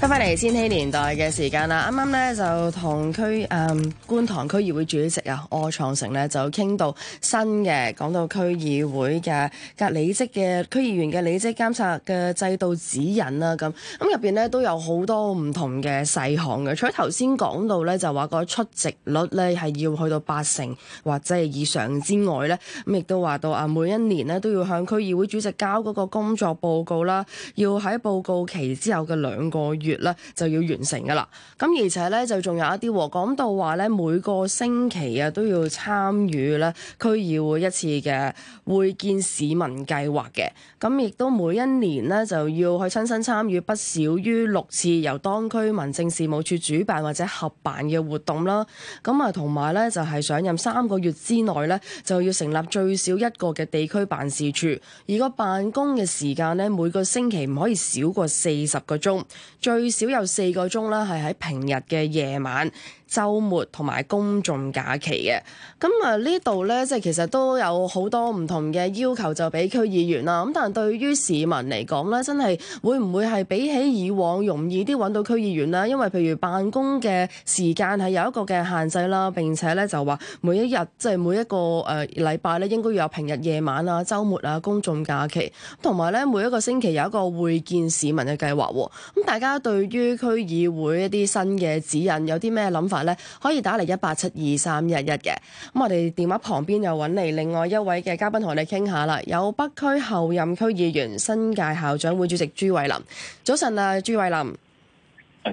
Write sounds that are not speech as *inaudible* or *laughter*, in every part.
翻翻嚟千禧年代嘅時間啦，啱啱咧就同區誒、呃、觀塘區議會主席啊，柯創盛，咧就傾到新嘅，講到區議會嘅隔離職嘅區議員嘅履職監察嘅制度指引啦，咁咁入邊咧都有好多唔同嘅細項嘅。除咗頭先講到咧，就話個出席率咧係要去到八成或者係以上之外咧，咁、嗯、亦都話到啊，每一年咧都要向區議會主席交嗰個工作報告啦，要喺報告期之後嘅兩個月，月咧，就要完成噶啦，咁而且咧就仲有一啲，講到話咧每個星期啊都要參與咧區議會一次嘅會見市民計劃嘅，咁亦都每一年咧就要去親身參與不少於六次由當區民政事務處主辦或者合辦嘅活動啦，咁啊同埋咧就係上任三個月之內咧就要成立最少一個嘅地區辦事處，而個辦公嘅時間咧每個星期唔可以少過四十個鐘，最最少有四個鐘啦，係喺平日嘅夜晚。周末同埋公眾假期嘅，咁啊呢度咧即係其實都有好多唔同嘅要求就俾區議員啦。咁但係對於市民嚟講咧，真係會唔會係比起以往容易啲揾到區議員啦，因為譬如辦公嘅時間係有一個嘅限制啦，並且咧就話每一日即係、就是、每一個誒禮拜咧應該要有平日、夜晚啊、周末啊、公眾假期，同埋咧每一個星期有一個會見市民嘅計劃，喎。咁大家對於區議會一啲新嘅指引有啲咩諗法？咧可以打嚟一八七二三一一嘅。咁我哋電話旁邊又揾嚟另外一位嘅嘉賓同我哋傾下啦。有北區候任區議員、新界校長會主席朱偉林。早晨啊，朱偉林。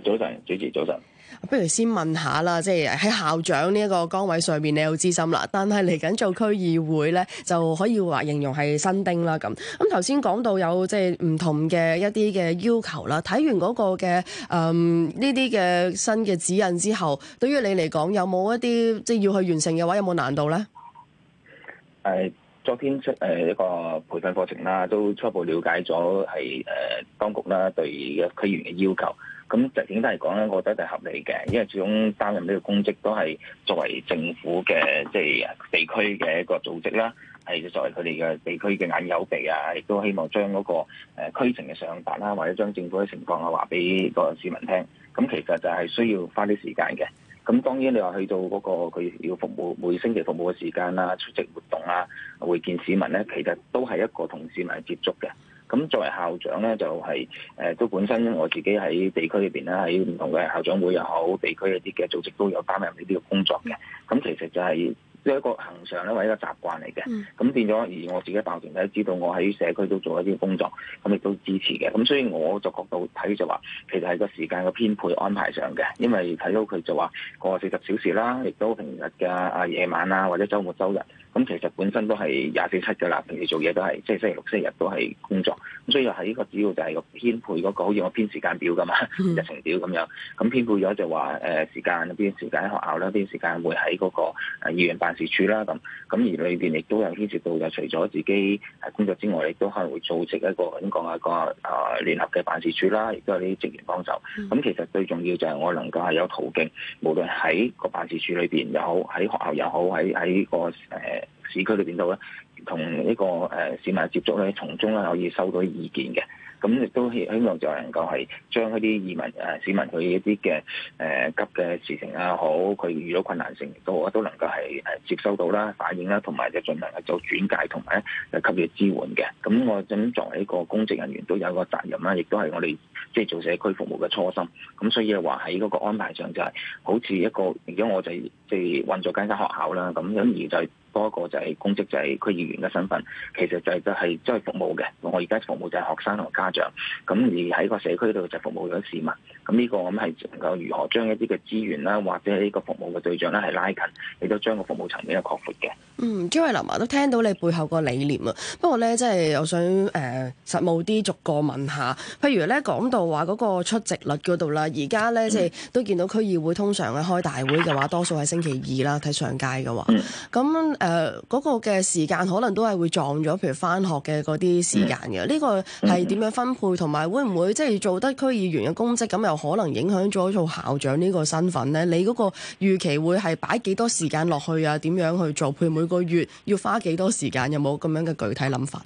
早晨，主持早晨。不如先問下啦，即係喺校長呢一個崗位上面，你有資深啦。但係嚟緊做區議會咧，就可以話形容係新丁啦咁。咁頭先講到有即係唔同嘅一啲嘅要求啦。睇完嗰個嘅誒呢啲嘅新嘅指引之後，對於你嚟講，有冇一啲即係要去完成嘅話，有冇難度咧？誒，昨天出誒一個培訓課程啦，都初步了解咗係誒當局啦對嘅區員嘅要求。咁就整體嚟講咧，我覺得就合理嘅，因為始終擔任呢個公職都係作為政府嘅即係地區嘅一個組織啦，係作為佢哋嘅地區嘅眼耳口鼻啊，亦都希望將嗰個誒區情嘅上達啦，或者將政府嘅情況啊話俾個市民聽。咁其實就係需要花啲時間嘅。咁當然你話去到嗰個佢要服務每星期服務嘅時間啦、出席活動啦、會見市民咧，其實都係一個同市民接觸嘅。咁作為校長咧，就係、是、誒、呃、都本身我自己喺地區裏邊啦，喺唔同嘅校長會又好，地區一啲嘅組織都有擔任呢啲嘅工作嘅。咁其實就係一個恆常咧，或者一個習慣嚟嘅。咁、嗯、變咗而我自己大學同學都知道，我喺社區都做一啲工作，咁亦都支持嘅。咁所以我就角度睇就話，其實係個時間嘅編配安排上嘅，因為睇到佢就話個四十小時啦，亦都平日嘅啊夜晚啊或者周末周日。咁其實本身都係廿四七嘅啦，平時做嘢都係即係星期六、星期日都係工作，咁所以又係呢個主要就係個編配嗰、那個，好似我編時間表㗎嘛，mm. 日程表咁樣，咁編配咗就話誒時間邊時間喺學校啦，邊時間會喺嗰個誒議員辦事處啦，咁咁而裏邊亦都有牽涉到，就除咗自己誒工作之外，亦都可能會組織一個點講一個誒、呃、聯合嘅辦事處啦，亦都有啲職員幫手。咁、mm. 其實最重要就係我能夠係有途徑，無論喺個辦事處裏邊又好，喺學校又好，喺喺個誒。呃市區裏邊度咧？ *noise* 同呢個誒市民接觸咧，從中咧可以收到意見嘅，咁亦都希希望就係能夠係將一啲移民誒市民佢一啲嘅誒急嘅事情啊，好佢遇到困難性亦都我都能夠係誒、啊、接收到啦、反映啦、啊，同埋就儘量做轉介同埋誒給予支援嘅。咁我作為一個公職人員都有個責任啦，亦都係我哋即係做社區服務嘅初心。咁所以話喺嗰個安排上就係、是、好似一個，如果我就即係、就是、運作間間學校啦，咁因而就多一個就係公職就係、是、區議員嘅身份，其實就係都係即係服務嘅。我而家服務就係學生同家長，咁而喺個社區度就服務咗市民。咁、這、呢個我咁係能夠如何將一啲嘅資源啦，或者呢個服務嘅對象咧係拉近，亦都將個服務層面係擴闊嘅。嗯，朱偉林啊，都聽到你背後個理念啊。不過咧，即係我想誒、呃、實務啲，逐個問下。譬如咧，講到話嗰個出席率嗰度啦，而家咧即係都見到區議會通常嘅開大會嘅話，多數係星期二啦，睇上屆嘅話。咁誒、嗯、嗰、呃，那個嘅時間可能都係會撞咗，譬如翻學嘅嗰啲時間嘅，呢、嗯、個係點樣分配？同埋會唔會即係、就是、做得區議員嘅公職，咁又可能影響咗做校長呢個身份咧？你嗰個預期會係擺幾多時間落去啊？點樣去做？譬如每個月要花幾多時間？有冇咁樣嘅具體諗法？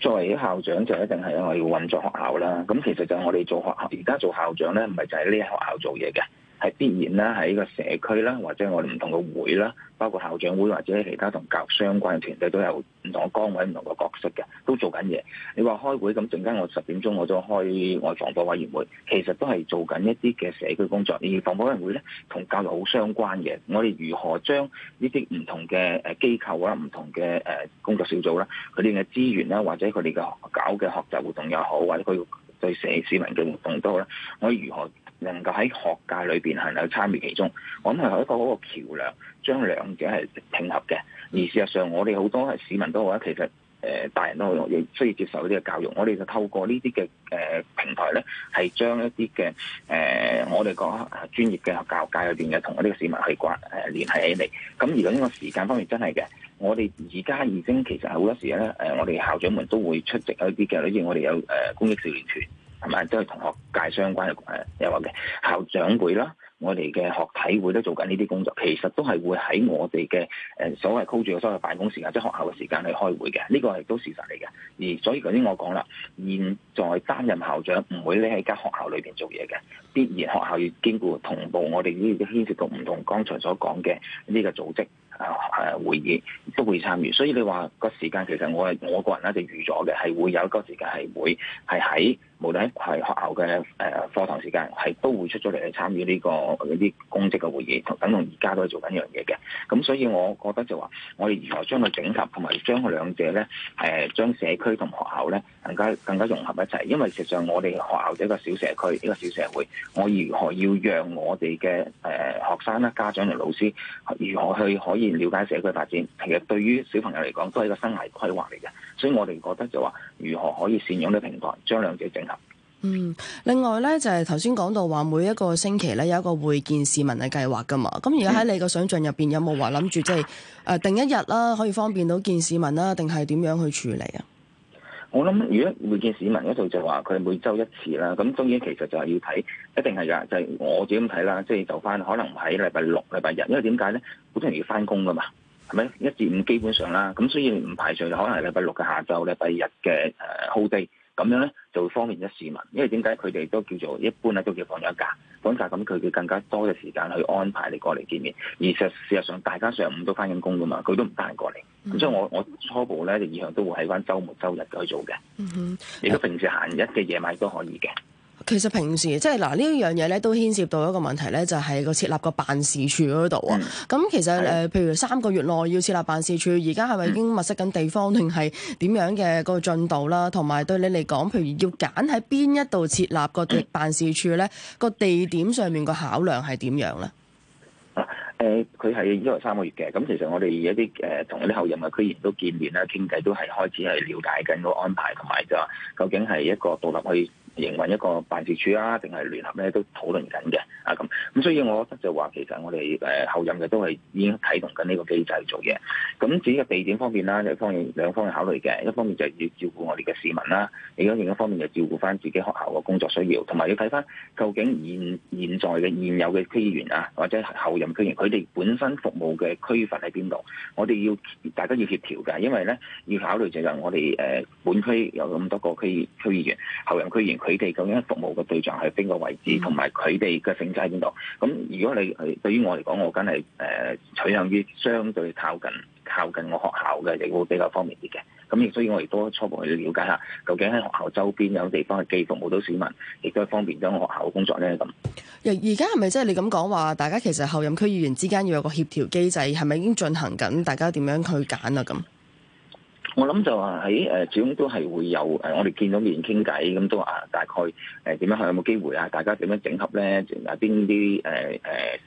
作為校長就一定係因為要運作學校啦。咁其實就係我哋做學校而家做校長咧，唔係就係呢間學校做嘢嘅。係必然啦，喺個社區啦，或者我哋唔同嘅會啦，包括校長會或者其他同教育相關嘅團隊，都有唔同嘅崗位、唔同嘅角色嘅，都做緊嘢。你話開會咁，陣間我十點鐘我都開外防火委員會，其實都係做緊一啲嘅社區工作。而防火委員會咧，同教育好相關嘅。我哋如何將呢啲唔同嘅誒機構啊、唔同嘅誒工作小組啦，佢哋嘅資源啦，或者佢哋嘅搞嘅學習活動又好，或者佢對社市民嘅活動都好啦，我哋如何能夠喺學界裏邊係能夠參與其中，我諗係一個嗰個橋梁，將兩者係整合嘅。而事實上，我哋好多係市民都話，其實誒大人都亦需要接受呢啲教育。我哋就透過呢啲嘅誒平台咧，係將一啲嘅誒我哋講專業嘅教育界裏邊嘅同呢個市民去關誒聯繫起嚟。咁而講呢個時間方面，真係嘅，我哋而家已經其實係好多時咧誒，我哋校長們都會出席一啲嘅，好似我哋有誒公益少年團係咪？即係同學界相關嘅有嘅校長會啦，我哋嘅學體會都做緊呢啲工作，其實都係會喺我哋嘅誒所謂 hold 住嘅所謂辦公時間，即係學校嘅時間去開會嘅。呢、這個係都事實嚟嘅。而所以頭先我講啦，現在擔任校長唔會匿喺間學校裏邊做嘢嘅，必然學校要兼顧同步，我哋呢啲牽涉到唔同剛才所講嘅呢個組織啊啊會議都會參與。所以你話個時間其實我係我個人咧就預咗嘅，係會有一個時間係會係喺。無論係學校嘅，誒課堂時間，係都會出咗嚟，去參與呢個嗰啲公職嘅會議，同等同而家都係做緊呢樣嘢嘅。咁所以我覺得就話，我哋如何將佢整合，同埋將佢兩者咧，誒，將社區同學校咧，更加更加融合一齊。因為實際上我哋學校即係一個小社區，一個小社會。我如何要讓我哋嘅誒學生啦、家長同老師，如何去可以了解社區發展，其實對於小朋友嚟講，都係一個生涯規劃嚟嘅。所以我哋覺得就話如何可以善用呢個平台，將兩者整合。嗯，另外咧就係頭先講到話每一個星期咧有一個會見市民嘅計劃㗎嘛。咁而家喺你個想象入邊有冇話諗住即係誒定一日啦，可以方便到見市民啦，定係點樣去處理啊？我諗如果會見市民嗰度就話佢係每週一次啦，咁當然其實就係要睇，一定係㗎，就係、是、我自己咁睇啦，即係就翻、是、可能喺禮拜六、禮拜日，因為點解咧？好多人要翻工㗎嘛。係咪一至五基本上啦？咁所以唔排除可能係禮拜六嘅下晝咧，禮拜日嘅誒好地咁樣咧，就會方便咗市民。因為點解佢哋都叫做一般咧，都叫放咗假，放假咁佢哋更加多嘅時間去安排你過嚟見面。而實事實上，大家上午都翻緊工噶嘛，佢都唔得閒過嚟。咁所以我我初步咧，就意向都會喺翻周末、周日去做嘅。嗯哼，如果平時閒日嘅夜晚都可以嘅。其實平時即係嗱呢樣嘢咧，就是、都牽涉到一個問題咧，就係、是、個設立個辦事處嗰度啊。咁、mm. 其實誒、呃，譬如三個月內要設立辦事處，而家係咪已經物色緊地方，定係點樣嘅個進度啦？同埋對你嚟講，譬如要揀喺邊一度設立個辦事處咧，個、mm. 地點上面個考量係點樣咧？佢係因為三個月嘅，咁其實我哋一啲誒、呃、同一啲後任嘅區議員都見面啦，傾偈都係開始係了解緊個安排，同埋就究竟係一個獨立去營運一個辦事處啊，定係聯合呢都討論緊嘅啊咁。咁所以我覺得就話其實我哋誒、呃、後任嘅都係已經啟動緊呢個機制做嘢。咁至於個地點方面啦，一方面，一方面，兩方面考慮嘅，一方面就係要照顧我哋嘅市民啦，而另一方面就照顧翻自己學校嘅工作需要，同埋要睇翻究竟現在，現在嘅現有嘅區議員啊，或者後任區議員佢。本身服務嘅區分喺邊度？我哋要大家要協調㗎，因為咧要考慮就係我哋誒、呃、本區有咁多個區區議員、候任區議員，佢哋究竟服務嘅對象喺邊個位置，同埋佢哋嘅性質喺邊度？咁、嗯、如果你係對於我嚟講，我梗係誒取向於相對靠近靠近我學校嘅，亦會比較方便啲嘅。咁亦所以，我亦都初步去了解下，究竟喺學校周邊有地方係寄服好多市民亦都方便咗學校嘅工作咧。咁而家係咪即係你咁講話，大家其實候任區議員之間要有個協調機制，係咪已經進行緊大家點樣去揀啊？咁我諗就話喺始終都係會有誒，我哋見到面傾偈咁都話大概誒點樣去，有冇機會啊？大家點樣整合咧？仲有邊啲誒誒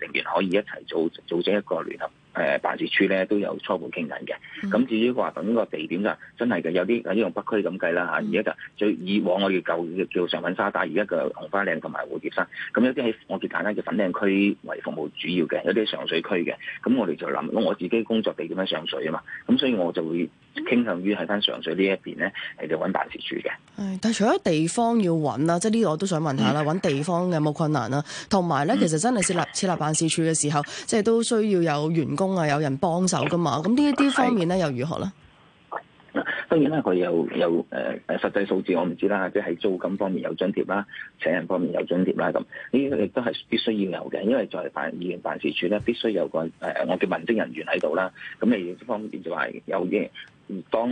成員可以一齊組組織一個聯合？誒辦事處咧都有初步傾緊嘅，咁、嗯、至於話等個地點就真係嘅，有啲喺用北區咁計啦嚇，而家就最以往我哋舊叫上粉沙打，而家嘅紅花嶺同埋蝴蝶山，咁有啲喺我哋簡單嘅粉嶺區為服務主要嘅，有啲上水區嘅，咁我哋就諗我自己工作地點喺上水啊嘛，咁所以我就會傾向於喺翻上水呢一邊咧，係就揾辦事處嘅。嗯、但係除咗地方要揾啦，即係呢個我都想問下啦，揾地方有冇困難啦？同埋咧，其實真係設立設立辦事處嘅時候，即係都需要有員工。嗯啊！有人幫手噶嘛？咁呢一啲方面咧，又如何咧？當然啦，佢有有誒誒實際數字，我唔知啦。即係租金方面有津貼啦，請人方面有津貼啦。咁呢亦都係必須要有嘅，因為作為議員辦事處咧，必須有個誒，我、呃、叫文職人員喺度啦。咁嚟方面就話有啲，當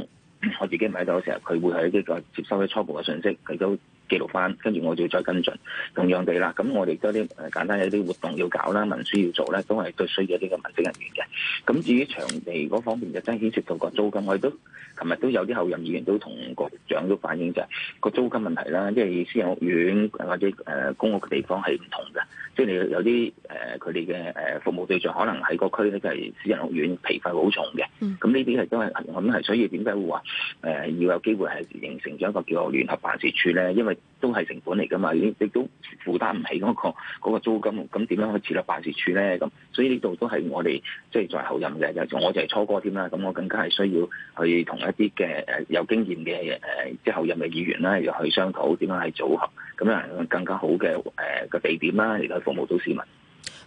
我自己唔喺度嘅時候，佢會喺呢個接收啲初步嘅信息，佢都。記錄翻，跟住我就再跟進，同樣地啦。咁我哋多啲簡單有啲活動要搞啦，文書要做啦，都係都需要啲嘅文職人員嘅。咁至於場地嗰方面就真係牽涉到個租金，我亦都琴日都有啲候任議員都同局長都反映就係個租金問題啦。即係私人屋苑或者誒公屋嘅地方係唔同嘅，即係你有啲誒佢哋嘅誒服務對象可能喺個區咧，就係私人屋苑皮費好重嘅。咁呢啲係都係咁係，所以點解會話誒要有機會係形成咗一個叫做聯合辦事處咧？因為 *music* 都係成本嚟噶嘛，亦亦都負擔唔起嗰個嗰個租金，咁點樣去設立辦事處咧？咁所以呢度都係我哋即係在候任嘅，又我就係初哥添啦，咁我更加係需要去同一啲嘅誒有經驗嘅誒即係候任嘅議員啦，要去商討點樣去組合，咁樣更加好嘅誒個地點啦，而家服務到市民。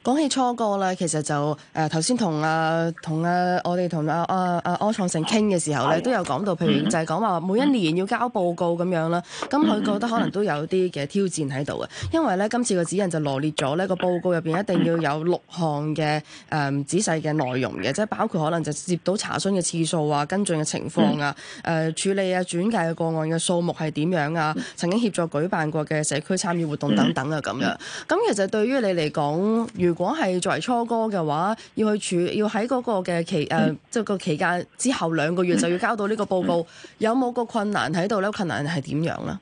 講起初哥啦，其實就誒頭先同啊同啊我哋同啊啊阿柯創成傾嘅時候咧，都有講到，譬如就係講話每一年要交報告咁樣啦。咁佢覺得可能都有啲嘅挑戰喺度嘅，因為咧今次個指引就羅列咗呢個報告入邊一定要有六項嘅誒、嗯、仔細嘅內容嘅，即係包括可能就接到查詢嘅次數啊、跟進嘅情況啊、誒、呃、處理啊、轉介嘅個案嘅數目係點樣啊、曾經協助舉辦過嘅社區參與活動等等啊咁樣。咁其實對於你嚟講，如果係作為初哥嘅話，要去處要喺嗰個嘅期誒，即、呃、係、就是、個期間之後兩個月就要交到呢個報告， *laughs* 有冇個困難喺度咧？個困難係點樣咧？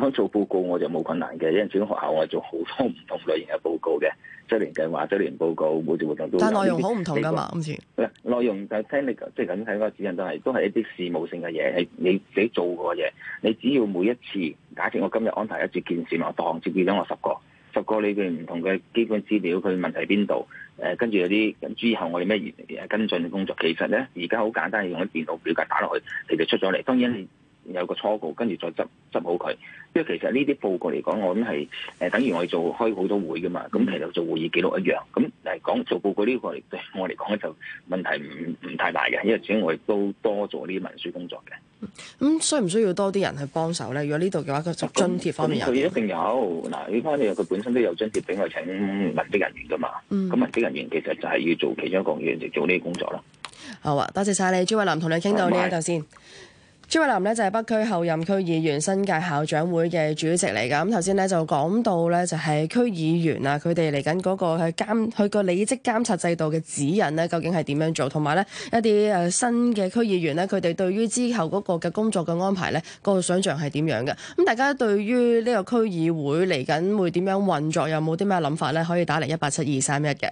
我做報告我就冇困難嘅，因為始終學校我係做好多唔同類型嘅報告嘅，周年計劃、周年報告、每節活動都。但內容好唔同㗎嘛？唔似說。內容就聽你即係咁睇個指引，實都係都係一啲事務性嘅嘢，係你自己做過嘅嘢。你只要每一次，假設我今日安排一次件事我當接見到我十個。個你嘅唔同嘅基本資料，佢問題邊度？誒， *noise* 跟住有啲之後我哋咩跟進工作？其實咧，而家好簡單，係用啲電腦表格打落去，其實出咗嚟。當然有個初稿，跟住再執執好佢。因為其實呢啲報告嚟講，我諗係誒，等於我做開好多會噶嘛。咁其實做會議記錄一樣。咁誒講做報告呢個嚟對我嚟講咧，講就問題唔唔太大嘅，因為主要我亦都多做呢啲文書工作嘅。咁需唔需要多啲人去幫手咧？如果呢度嘅話，佢就津貼方面佢、啊嗯嗯嗯、一定有嗱呢方面，佢本身都有津貼俾我請文職人員噶嘛。咁文職人員其實就係要做其中一個員嚟做呢啲工作咯。好啊，多謝晒你，朱偉林，同你傾到呢一度先。朱偉林呢，就係北區後任區議員、新界校長會嘅主席嚟噶，咁頭先呢，就講到呢，就係區議員啊，佢哋嚟緊嗰個佢監佢個履職監察制度嘅指引呢，究竟係點樣做，同埋呢，一啲誒新嘅區議員呢，佢哋對於之後嗰個嘅工作嘅安排呢，個想象係點樣嘅？咁大家對於呢個區議會嚟緊會點樣運作，有冇啲咩諗法呢？可以打嚟一八七二三一嘅。